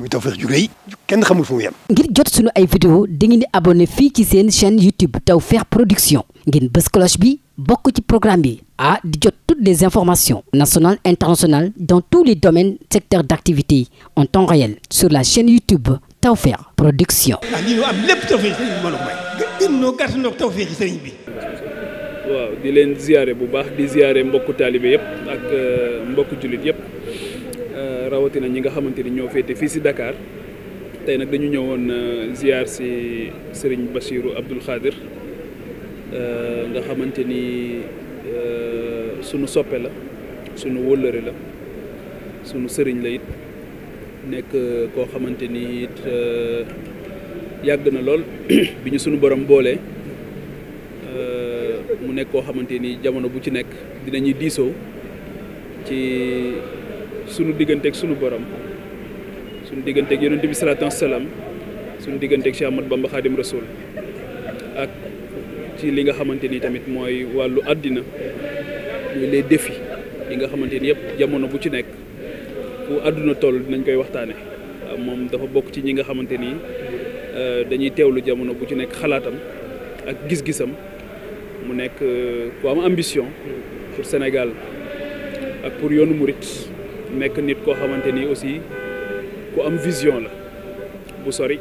muy Tawfekh ju rëy kenn xamul fu mu yem. ngir jot sunu ay vidéo dangeen di abonné fii ci seen chaîne YouTube Tawfekh Production ngeen bës bi bokk ci programme bi a di jot toutes des informations national internationales dans tous les domaines secteurs d'activité en temps réel sur la chaîne YouTube Tawfekh Production. ah lii am lépp Tawfekh sëriñ bi la may. gën noo gàtt noo Tawfekh sëriñ bi. waaw di leen ziare bu baax di ziare mbokku taalibe yëpp ak euh, mbokku jullit yëpp. rawatina ñi nga xamante ni ñoo féete fii si Dakar tey nag dañu ñëwoon euh, ziar si Serigne Bassirou Abdoul Khadir euh, nga xamante ni euh, sunu soppe la sunu wóllëre la sunu sëriñ la nekk koo xamante ni it yàgg na lool bi ñu sunu borom boolee mu nekk koo xamante ni jamono bu ci nekk dinañuy diisoo ci. sunu digganteeg suñu borom sunu digganteeg yonent bi salaatu wasalaam sunu digganteeg Cheikh Ahmad Bamba Xaadim Rasul ak ci li nga xamante ni tamit mooy wàllu àddina muy les défis yi nga xamante ni yëpp jamono bu ci nekk fu àdduna toll dinañ koy waxtaane moom dafa bokk ci ñi nga xamante ni euh, dañuy teewlu jamono bu ci nekk xalaatam ak gis-gisam mu nekk euh, ku am ambition pour Sénégal ak pour yoonu murit nekk nit koo xamante ni aussi ku am vision la bu sori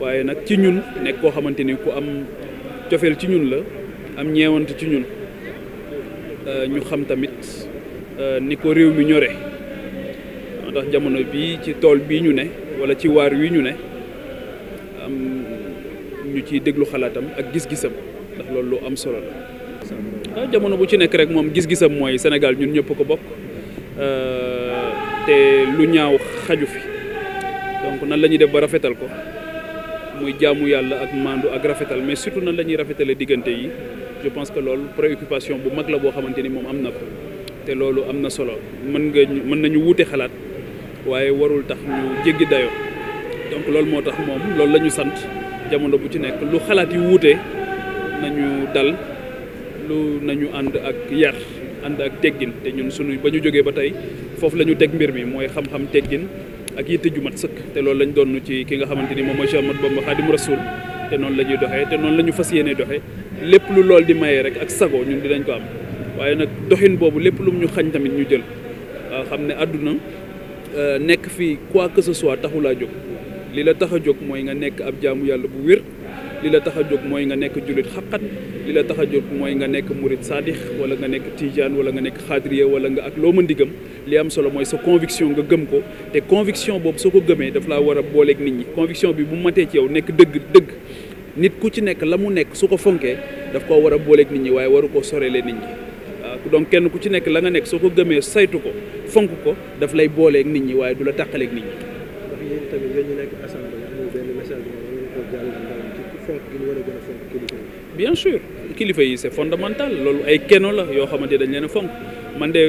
waaye nag ci ñun nekk koo xamante ni ku am cofeel ci ñun la am ñeewant ci ñun euh, ñu xam tamit euh, ni ko réew mi ñore moo tax jamono bii ci tool bii ñu ne walla ci waar wi ñu ne am ñu ciy déglu xalaatam ak gis-gisam ndax loolu am solo la. jamono bu ci nekk rek moom gis-gisam mooy Sénégal ñun ñëpp ko bokk. Euh, te lu ñaaw xaju fi donc nan la ñuy def ba rafetal ko muy jaamu yàlla ak maandu ak rafetal mais surtout nan la ñuy rafetalee diggante yi je pense que loolu préoccupation bu mag la boo xamante ni moom am na ko te loolu am na solo mën nga mën nañu wuute xalaat waaye warul tax ñu jéggi dayo donc loolu moo tax moom loolu la sant jamono bu ci nekk lu xalaat yi wuute nañu dal na ñu ànd ak yar ànd ak teggin te ñun suñu ba ñu jógee ba tey foofu la ñu teg mbir mi mooy xam-xam teggin ak yitte ju mat sëkk te loolu lañ doon ci ki nga xamante ni moom mooy Cheikh Ahmadou Bamba Xaadimu Rasuul te noonu la ñuy doxee te noonu la ñu fas yéene doxee lépp lu lool di maye rek ak sago ñun dinañ ko am waaye nag doxin boobu lépp lu ñu xañ tamit ñu jël xam ne àdduna euh, nekk fii quoi que ce soit taxulaa jóg li la tax a jóg mooy nga nekk ab jaamu yàlla bu wér li la tax a jóg mooy nga nekk jullit xaqat li la tax a jóg mooy nga nekk murit sadix wala nga nekk tijaan wala nga nekk xaadiriya wala nga ak loo mën di gëm li am solo mooy sa conviction nga gëm ko te conviction boobu soo ko gëmee daf laa war a booleeg nit ñi conviction bi bu matee ci yow nekk dëgg dëgg nit ku ci nekk la mu nekk su ko fonkee daf koo war a booleeg nit ñi waaye waru koo sorelee nit ñi waaw ah, donc kenn ku ci nekk la nga nekk soo ko gëmee saytu ko fonk ko daf lay booleeg nit ñi waaye du la tàqaleeg nit ñi. bien sûr kilifa yi c'est fondamental loolu ay keno la yoo xamante dañ leen fonk man de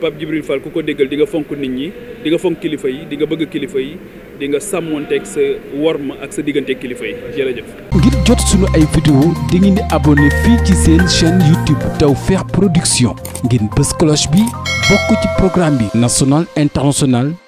Pape Djibril Fall ku ko déggal di nga fonk nit ñi di nga fonk kilifa yi di nga bëgg kilifa yi dinga nga sàmmonteeg sa worma ak sa diggante kilifa yi jërëjëf. ngir jot suñu ay vidéo di ngeen di abonné fii ci seen chaîne YouTube Tawfekh Production ngeen bës cloche bi bokk ci programme bi national international.